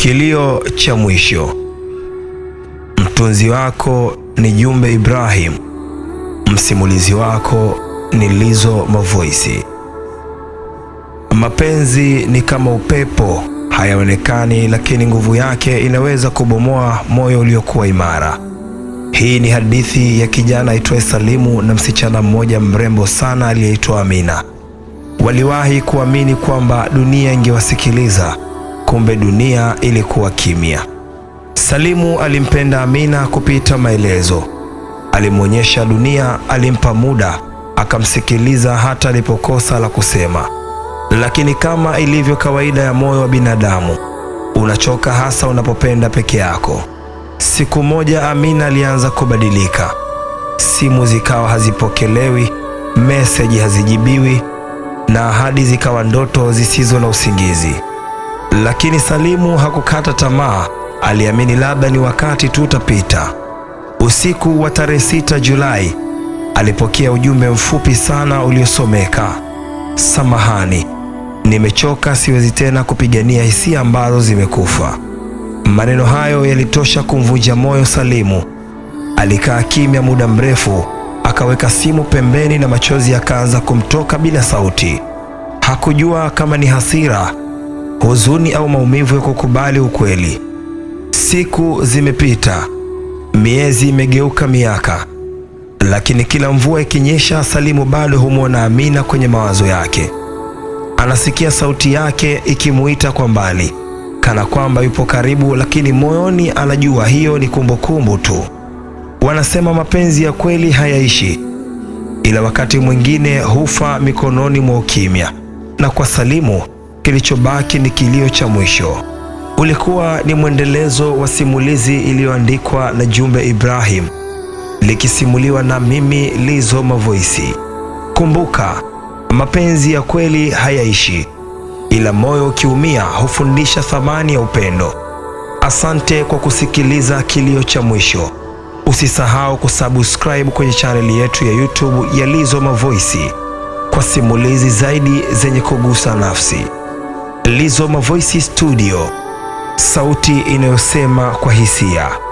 Kilio cha mwisho. Mtunzi wako ni Jumbe Ibrahim, msimulizi wako ni Lizo mavoisi Mapenzi ni kama upepo, hayaonekani, lakini nguvu yake inaweza kubomoa moyo uliokuwa imara. Hii ni hadithi ya kijana aitwaye Salimu na msichana mmoja mrembo sana aliyeitwa Amina. Waliwahi kuamini kwamba dunia ingewasikiliza kumbe dunia ilikuwa kimya. Salimu alimpenda Amina kupita maelezo. Alimwonyesha dunia, alimpa muda, akamsikiliza hata alipokosa la kusema. Lakini kama ilivyo kawaida ya moyo wa binadamu, unachoka hasa unapopenda peke yako. Siku moja Amina alianza kubadilika. Simu zikawa hazipokelewi, meseji hazijibiwi, na ahadi zikawa ndoto zisizo na usingizi. Lakini Salimu hakukata tamaa, aliamini labda ni wakati tu utapita. Usiku wa tarehe sita Julai alipokea ujumbe mfupi sana uliosomeka: samahani, nimechoka, siwezi tena kupigania hisia ambazo zimekufa. Maneno hayo yalitosha kumvunja moyo Salimu. Alikaa kimya muda mrefu, akaweka simu pembeni na machozi yakaanza kumtoka bila sauti. Hakujua kama ni hasira huzuni au maumivu ya kukubali ukweli. Siku zimepita, miezi imegeuka miaka, lakini kila mvua ikinyesha, Salimu bado humwona Amina kwenye mawazo yake. Anasikia sauti yake ikimuita kwa mbali, kana kwamba yupo karibu, lakini moyoni anajua hiyo ni kumbukumbu tu. Wanasema mapenzi ya kweli hayaishi, ila wakati mwingine hufa mikononi mwa ukimya, na kwa Salimu kilichobaki ni kilio cha mwisho. Ulikuwa ni mwendelezo wa simulizi iliyoandikwa na Jumbe Ibrahim, likisimuliwa na mimi Lizo Mavoisi. Kumbuka, mapenzi ya kweli hayaishi, ila moyo ukiumia hufundisha thamani ya upendo. Asante kwa kusikiliza kilio cha mwisho. Usisahau kusubscribe kwenye chaneli yetu ya YouTube ya Lizo Mavoisi kwa simulizi zaidi zenye kugusa nafsi lizoma Mavoice Studio, sauti inayosema kwa hisia.